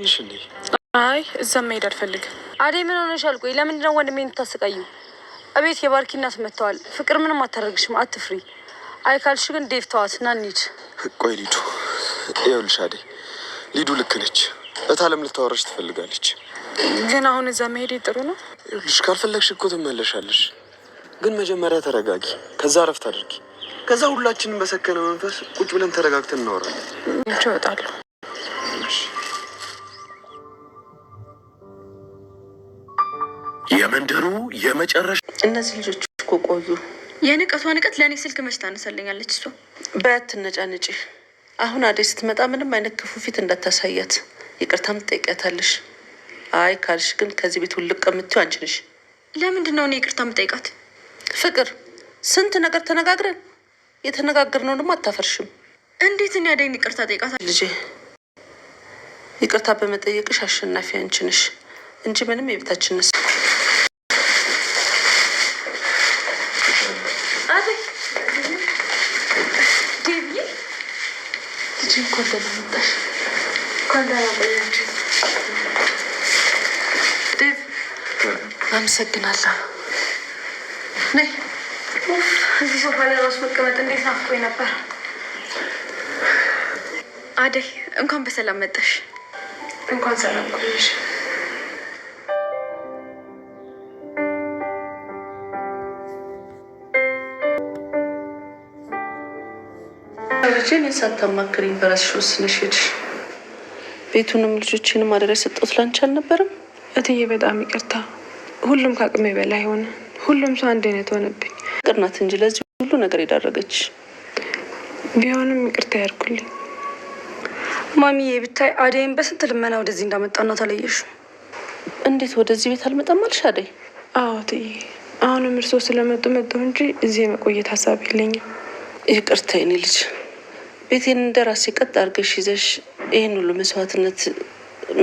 ትሄጃለሽ እንዴ? አይ እዛ መሄድ አልፈልግም። አዴ ምን ሆነሻል? ቆይ ለምንድን ነው ወንድሜ የምታሰቃዩ? እቤት የባርኪ እናት መጥተዋል። ፍቅር ምንም አታደርግሽም፣ አትፍሪ። አይ ካልሽ ግን ዴቭ ተዋት፣ ና እንሂድ። ቆይ ሊዱ፣ ይኸውልሽ አዴ፣ ሊዱ ልክ ነች። እታለም ልታወራሽ ትፈልጋለች፣ ግን አሁን እዛ መሄድ ጥሩ ነው። ይኸውልሽ ካልፈለግሽ እኮ ትመለሻለሽ፣ ግን መጀመሪያ ተረጋጊ፣ ከዛ ረፍት አድርጊ፣ ከዛ ሁላችንም በሰከነ መንፈስ ቁጭ ብለን ተረጋግተን እናወራለን። እወጣለሁ የመንደሩ የመጨረሻ እነዚህ ልጆች እኮ ቆዩ። የንቀቷ ንቀት ለእኔ ስልክ መች ታነሳልኛለች? እሷ በያት ትነጫነጪ። አሁን አደይ ስትመጣ ምንም አይነት ክፉ ፊት እንዳታሳያት፣ ይቅርታም ትጠይቂያታለሽ። አይ ካልሽ ግን ከዚህ ቤት ውልቅ ከምትይው አንቺ ነሽ። ለምንድን ነው እኔ ይቅርታ የምጠይቃት? ፍቅር ስንት ነገር ተነጋግረን የተነጋገርነውንም አታፈርሽም። እንዴት እኔ አደይን ይቅርታ ጠይቃታለሁ? ልጄ ይቅርታ በመጠየቅሽ አሸናፊ አንቺ ነሽ እንጂ ምንም የቤታችን ነስ እንኳን ደህና መጣሽ። እንኳን ደህና ቆያችሁ። ዴቭ አመሰግናለሁ። ነይ እዚህ ሶፋ ላይ ራሱ መቀመጥ እንዴት ናፍቆኝ ነበር። አደይ እንኳን በሰላም መጣሽ። እንኳን ሰላም ቆየሽ። ልጄ እኔን ሳታማክሪኝ በራስሽ ወስነሽ ሄድሽ። ቤቱንም ልጆችንም አደራ የሰጠሁት ላንቺ አልነበረም እትዬ። በጣም ይቅርታ፣ ሁሉም ከአቅሜ በላይ ሆነ። ሁሉም ሰው አንድ አይነት ሆነብኝ። ቅርናት እንጂ ለዚህ ሁሉ ነገር የዳረገች ቢሆንም ይቅርታ ያርጉልኝ። ማሚዬ ብታይ አደይን በስንት ልመና ወደዚህ እንዳመጣና ተለየሹ? እንዴት ወደዚህ ቤት አልመጣም አልሽ አደይ? አዎ እትዬ፣ አሁንም እርሶ ስለመጡ መጡ እንጂ እዚህ የመቆየት ሀሳብ የለኝም። ይቅርታ የኔ ልጅ ቤቴን እንደ ራሴ ቀጥ አድርገሽ ይዘሽ ይህን ሁሉ መስዋዕትነት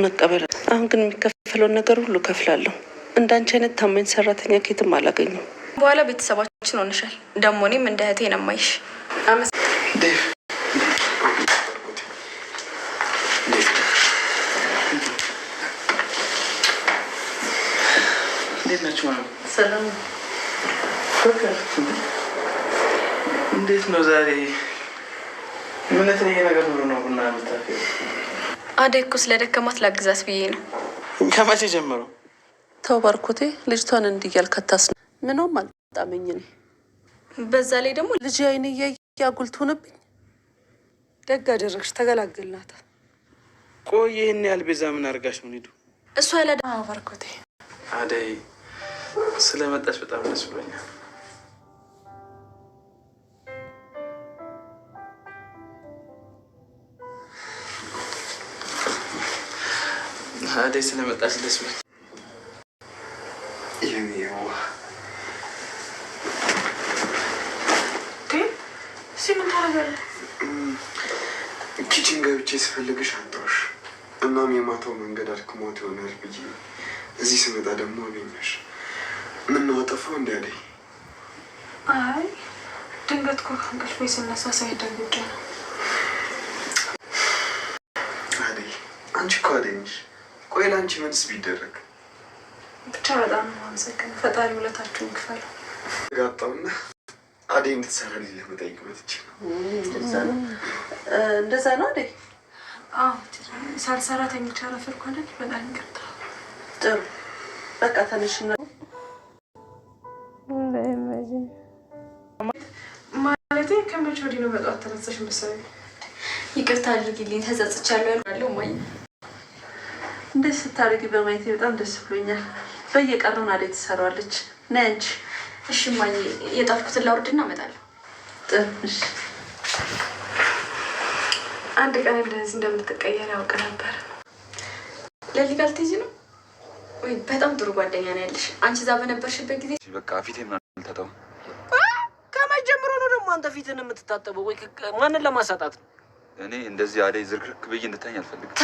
መቀበል። አሁን ግን የሚከፈለውን ነገር ሁሉ ከፍላለሁ። እንዳንቺ አይነት ታማኝ ሰራተኛ ኬትም አላገኘም። በኋላ ቤተሰባችን ሆንሻል። ደግሞ እኔም እንደ እህቴ ነው የማይሽ። እንዴት ነው ዛሬ እምነት ላይ ነገር ብሎ ነው ቡና ምታፊ አደይ እኮ ስለደከማት ላግዛት ብዬ ነው። ከመቼ ጀምሮ ተው ባርኮቴ፣ ልጅቷን እንዲህ ያልከታስ ምንም አልጣመኝ እኔ። በዛ ላይ ደግሞ ልጅ አይን እያየ አጉልት ሆነብኝ። ደግ አደረግሽ፣ ተገላገልናት። ቆይ ይህን ያህል ቤዛ ምን አድርጋሽ ነው ሄዱ? እሷ ያለ ባርኮቴ፣ አደይ ስለመጣሽ በጣም ደስ ብሎኛል። ላይ ስለመጣች ደስ ብሎኝ ኪችን ገብቼ ስፈልግሽ አጣሁሽ። እናም የማታው መንገድ አድክሞት ይሆናል ብዬ እዚህ ስመጣ ደግሞ አገኘሽ። ምነው አጠፋው እንዲያለኝ አይ ድንገት እኮ ስነሳ ሳይደንግጃ ነው። አደይ አንቺ እኮ አደኝሽ ቆይ ለአንቺ ምንስ ቢደረግ ብቻ በጣም ነው አመሰግን። ፈጣሪ ሁለታችሁን ክፈለው። ጋጣውና አዴ እንድትሰራልኝ ለመጠየቅ መጥቼ ነው። እንደዛ ነው አዴ? አዎ ሳልሰራ ተኝቼ አረፈድኩ አይደል? በጣም ይቅርታ። ጥሩ በቃ ተነሽና ማለቴ ከመቼ ወዲህ ነው በጠዋት ተነሳሽ? መሰለኝ ይቅርታ አድርጊልኝ ተጸጽቻለሁ ያለው ማየ እንደዚህ ስታደርጊ በማየት በጣም ደስ ብሎኛል። በየቀኑ ናዴ ትሰራዋለች። ነይ አንቺ። እሺ እማዬ፣ የጣፍኩትን ላውርድና እመጣለሁ። አንድ ቀን እንደዚህ እንደምትቀየር ያውቅ ነበር። ለሊጋ ልትይዚ ነው? በጣም ጥሩ ጓደኛ ነው ያለሽ። አንቺ እዛ በነበርሽበት ጊዜ በቃ ፊት ምናልታጠው ከመቼ ጀምሮ ነው ደግሞ አንተ ፊትን የምትታጠበው? ወይ ማንን ለማሳጣት ነው? እኔ እንደዚህ አደይ ዝርክርክ ብዬ እንድታኝ አልፈልግም።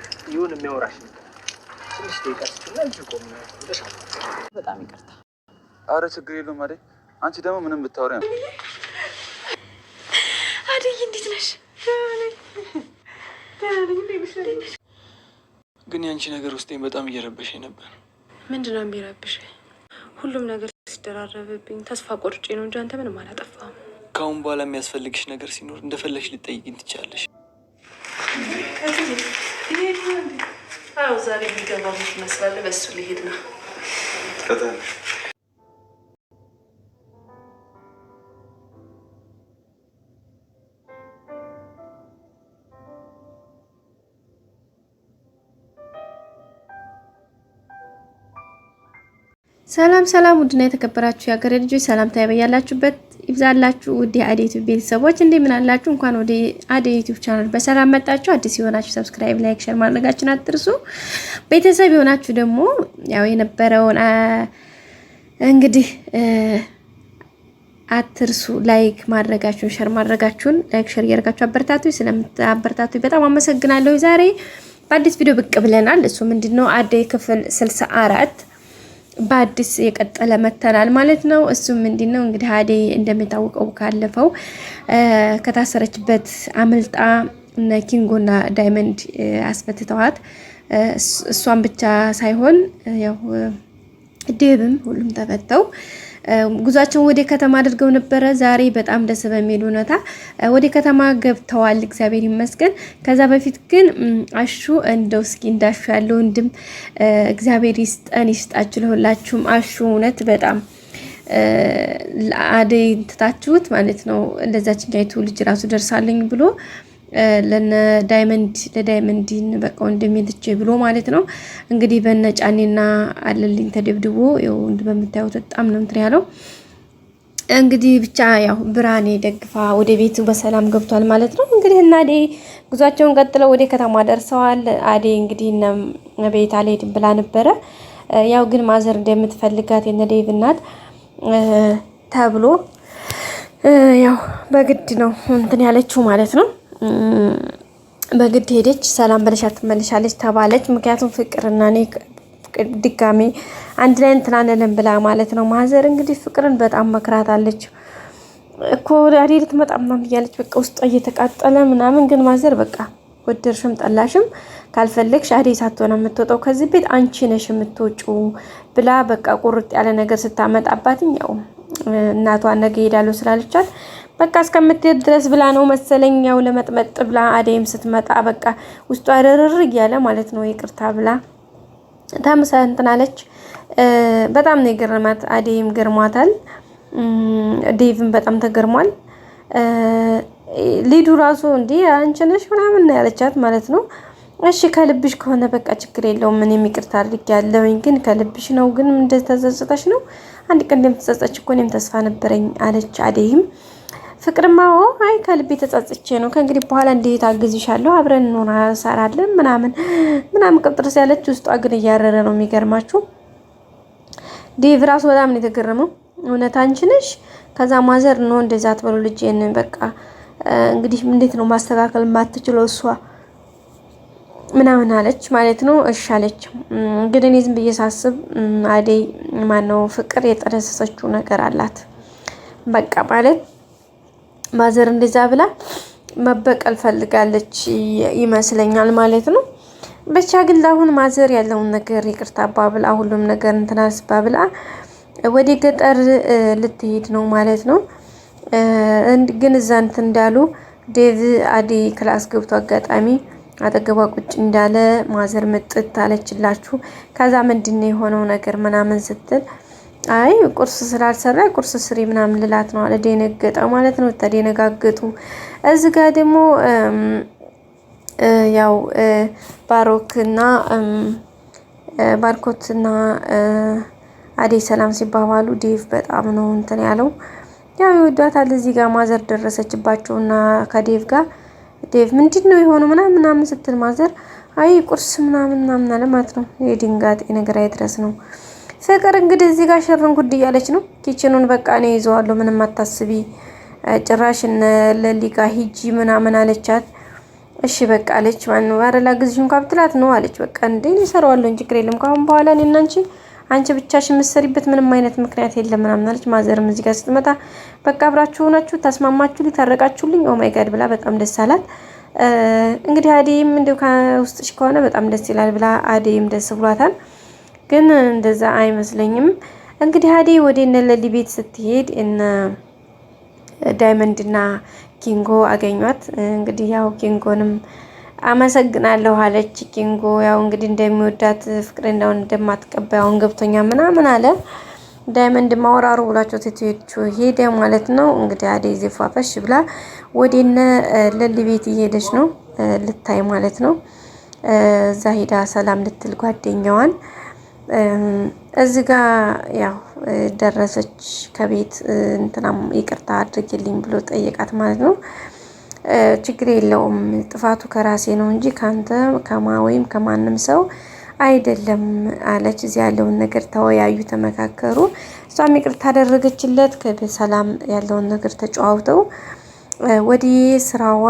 ይሁን የሚያወራሽ ነገር ትንሽ ደቂቃ በጣም ይቅርታ። አረ ችግር የለውም አደይ። አንቺ ደግሞ ምንም ብታወሪ ነው አደይ። እንዴት ነሽ? ግን የአንቺ ነገር ውስጤን በጣም እየረበሸኝ ነበር። ምንድን ነው የሚረብሽ? ሁሉም ነገር ሲደራረብብኝ ተስፋ ቆርጬ ነው እንጂ አንተ ምንም አላጠፋም። ከአሁን በኋላ የሚያስፈልግሽ ነገር ሲኖር እንደፈለግሽ ልጠይቅኝ ትችላለሽ። ዛሬ የሚገባ ትመስላለ። በሱ ሊሄድ ነው። ሰላም ሰላም፣ ውድና የተከበራችሁ የሀገሬ ልጆች ሰላምታ ያበያላችሁበት ይብዛላችሁ ውድ የአዴ ዩቲዩብ ቤተሰቦች እንደምን አላችሁ? እንኳን ወደ አዴ ዩቲዩብ ቻናል በሰላም መጣችሁ። አዲስ የሆናችሁ ሰብስክራይብ፣ ላይክ፣ ሼር ማድረጋችሁን አትርሱ። ቤተሰብ የሆናችሁ ደግሞ ያው የነበረውን እንግዲህ አትርሱ። ላይክ ማድረጋችሁን ሸር ማድረጋችሁን ላይክ ሸር እያደረጋችሁ አበረታቱ። ስለምታበረታቱ በጣም አመሰግናለሁ። ዛሬ በአዲስ ቪዲዮ ብቅ ብለናል። እሱ ምንድነው አዴ ክፍል ስልሳ አራት በአዲስ የቀጠለ መተናል ማለት ነው። እሱም ምንድን ነው እንግዲህ አደይ እንደሚታወቀው ካለፈው ከታሰረችበት አምልጣ እነ ኪንጎና ዳይመንድ አስፈትተዋት እሷን ብቻ ሳይሆን ያው ድብም ሁሉም ተፈተው ጉዟቸውን ወደ ከተማ አድርገው ነበረ። ዛሬ በጣም ደስ በሚል ሁኔታ ወደ ከተማ ገብተዋል። እግዚአብሔር ይመስገን። ከዛ በፊት ግን አሹ እንደው እስኪ እንዳሹ ያለው ወንድም እግዚአብሔር ይስጠን ይስጣችሁ ለሁላችሁም። አሹ እውነት በጣም አደይ ትታችሁት ማለት ነው። ለዛችኛይቱ ልጅ ራሱ ደርሳለኝ ብሎ ለነ ዳይመንድ ለዳይመንድን በቃ ወንድሜ ትቼ ብሎ ማለት ነው እንግዲህ በነ ጫኔና አለልኝ ተደብድቦ ወንድ በምታዩት በጣም ነው እንትን ያለው። እንግዲህ ብቻ ያው ብርሃኔ ደግፋ ወደ ቤቱ በሰላም ገብቷል ማለት ነው። እንግዲህ እና አዴ ጉዟቸውን ቀጥለው ወደ ከተማ ደርሰዋል። አዴ እንግዲህ ቤት አልሄድም ብላ ነበረ። ያው ግን ማዘር እንደምትፈልጋት የነ ዴቭ እናት ተብሎ ያው በግድ ነው እንትን ያለችው ማለት ነው። በግድ ሄደች። ሰላም በለሻ ትመለሻለች ተባለች። ምክንያቱም ፍቅርና እኔ ድጋሜ አንድ ላይ እንትን አንልም ብላ ማለት ነው። ማዘር እንግዲህ ፍቅርን በጣም መክራት አለች እኮ ዳዴ ልትመጣ ምናምን እያለች በቃ ውስጧ እየተቃጠለ ምናምን። ግን ማዘር በቃ ወደርሽም ጠላሽም ካልፈለግሽ አዴ ሳትሆነ የምትወጣው ከዚህ ቤት አንቺ ነሽ የምትወጩ ብላ በቃ ቁርጥ ያለ ነገር ስታመጣባትኝ ያው እናቷ ነገ ሄዳለሁ ስላለቻት በቃ እስከምትሄድ ድረስ ብላ ነው መሰለኝ ያው ለመጥመጥ ብላ አደይም ስትመጣ በቃ ውስጧ ርርር እያለ ማለት ነው ይቅርታ ብላ ታምሳ እንትን አለች። በጣም ነው የገረማት። አደይም ገርሟታል። ዴቭም በጣም ተገርሟል። ሊዱ ራሱ እንዲ አንቺ ነሽ ምናምን ነው ያለቻት ማለት ነው። እሺ ከልብሽ ከሆነ በቃ ችግር የለውም እኔም ይቅርታ አድርጌያለሁኝ፣ ግን ከልብሽ ነው ግን እንደተጸጸተሽ ነው አንድ ቀን እንደምትጸጸች እኮ እኔም ተስፋ ነበረኝ አለች አደይም ፍቅርማዎ አይ ከልቤ ተጸጽቼ ነው ከእንግዲህ በኋላ እንዴት አግዝሻለሁ አብረን እንሰራለን ምናምን ምናምን ቅጥርስ ያለች ውስጧ ግን እያረረ ነው የሚገርማችሁ ዴቭ ራሱ በጣም ነው የተገረመው እውነት አንቺ ነሽ ከዛ ማዘር ነው እንደዛ አትበሉ ልጄን በቃ እንግዲህ እንዴት ነው ማስተካከል የማትችለው እሷ ምናምን አለች ማለት ነው። እሺ አለች። ግን እኔ ዝም ብዬ ሳስብ አደይ ማነው ፍቅር የጠነሰሰችው ነገር አላት በቃ ማለት ማዘር እንደዛ ብላ መበቀል ፈልጋለች ይመስለኛል ማለት ነው። ብቻ ግን ለአሁን ማዘር ያለውን ነገር ይቅርታ አባብላ ሁሉም ነገር እንትናስ አስባብላ ወደ ገጠር ልትሄድ ነው ማለት ነው። ግን እዛ እንትን እንዳሉ ዴቭ አዴ ክላስ ገብቶ አጋጣሚ አጠገቧ ቁጭ እንዳለ ማዘር ምጥት አለችላችሁ። ከዛ ምንድን የሆነው ነገር ምናምን ስትል አይ ቁርስ ስላልሰራ ቁርስ ስሪ ምናምን ልላት ነው አለ። ደነገጠ ማለት ነው። ተደነጋገጡ። እዚህ ጋር ደግሞ ያው ባሮክና ባርኮትና አደይ ሰላም ሲባባሉ ዴቭ በጣም ነው እንትን ያለው ያው ይወዷታል። እዚህ ጋር ማዘር ደረሰችባቸውና ከዴቭ ጋር ዴቭ ምንድን ነው የሆነ ምናምን ምናምን ስትል ማዘር አይ ቁርስ ምናምን ምናምን አለ ማለት ነው። የድንጋጤ ነገር አይድረስ ነው ፍቅር እንግዲህ እዚህ ጋር ሸርን ጉድ እያለች ነው። ኪችኑን በቃ እኔ ይዘዋለሁ፣ ምንም አታስቢ፣ ጭራሽ ለሊጋ ሂጂ ምናምን አለቻት። እሺ በቃ አለች። ማነው አረላ ግዝሽን እንኳ ብትላት ነው አለች። በቃ እንዴ እሰራዋለሁ፣ ችግር የለም ካሁን በኋላ እኔና አንቺ አንቺ ብቻሽን የምትሰሪበት ምንም አይነት ምክንያት የለም ምናምን አለች። ማዘርም እዚህ ጋር ስትመጣ በቃ አብራችሁ ሆናችሁ ታስማማችሁ፣ ሊታረቃችሁልኝ ኦ ማይ ጋድ ብላ በጣም ደስ አላት። እንግዲህ አዴይም እንደው ከውስጥሽ ከሆነ በጣም ደስ ይላል ብላ አዴይም ደስ ብሏታል። ግን እንደዛ አይመስለኝም። እንግዲህ አዴ ወደ ለሊ ቤት ስትሄድ እነ ዳይመንድና ኪንጎ አገኟት። እንግዲህ ያው ኪንጎንም አመሰግናለሁ አለች። ኪንጎ ያው እንግዲህ እንደሚወዳት ፍቅር እንዳሁን እንደማትቀበያውን ገብቶኛ ምናምን አለ። ዳይመንድ ማወራሩ ብሏቸው ሴቶቹ ሄደ ማለት ነው። እንግዲህ አደይ ዜፏፈሽ ብላ ወደነ ለሊ ቤት እየሄደች ነው ልታይ ማለት ነው። እዛ ሄዳ ሰላም ልትል ጓደኛዋን እዚህ ጋር ያው ደረሰች ከቤት እንትናም ይቅርታ አድርግልኝ ብሎ ጠየቃት ማለት ነው። ችግር የለውም ጥፋቱ ከራሴ ነው እንጂ ከአንተ ከማ ወይም ከማንም ሰው አይደለም አለች። እዚህ ያለውን ነገር ተወያዩ፣ ተመካከሩ። እሷም ይቅርታ አደረገችለት። ሰላም ያለውን ነገር ተጨዋውተው ወደ ስራዋ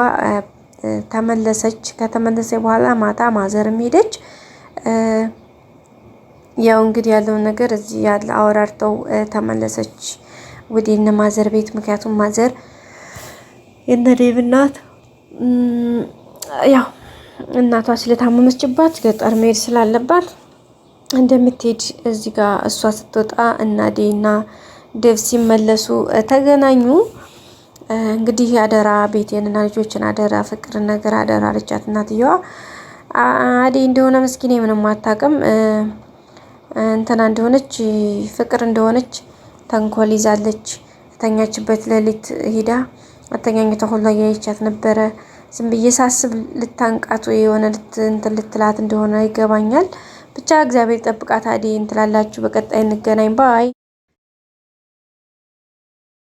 ተመለሰች። ከተመለሰ በኋላ ማታ ማዘርም ሄደች። ያው እንግዲህ ያለውን ነገር እዚህ ያለ አወራርተው ተመለሰች ወደ እነ ማዘር ቤት። ምክንያቱም ማዘር የእነ ዴቭ እናት ያው እናቷ ስለታመመችባት ገጠር መሄድ ስላለባት እንደምትሄድ እዚህ ጋር እሷ ስትወጣ እና ዴና ዴቭ ሲመለሱ ተገናኙ። እንግዲህ አደራ ቤቴንና ልጆችን አደራ ፍቅርን ነገር አደራ አለቻት እናትየዋ። አዴ እንደሆነ ምስኪን ምንም አታውቅም። እንትና እንደሆነች ፍቅር እንደሆነች ተንኮል ይዛለች። ተኛችበት ሌሊት ሂዳ አተኛኝቷ ሁላ እያየቻት ነበረ። ዝም ብዬ ሳስብ ልታንቃት ወይ የሆነ እንትን ልትላት እንደሆነ ይገባኛል። ብቻ እግዚአብሔር ጠብቃት አዴ እንትላላችሁ። በቀጣይ እንገናኝ ባይ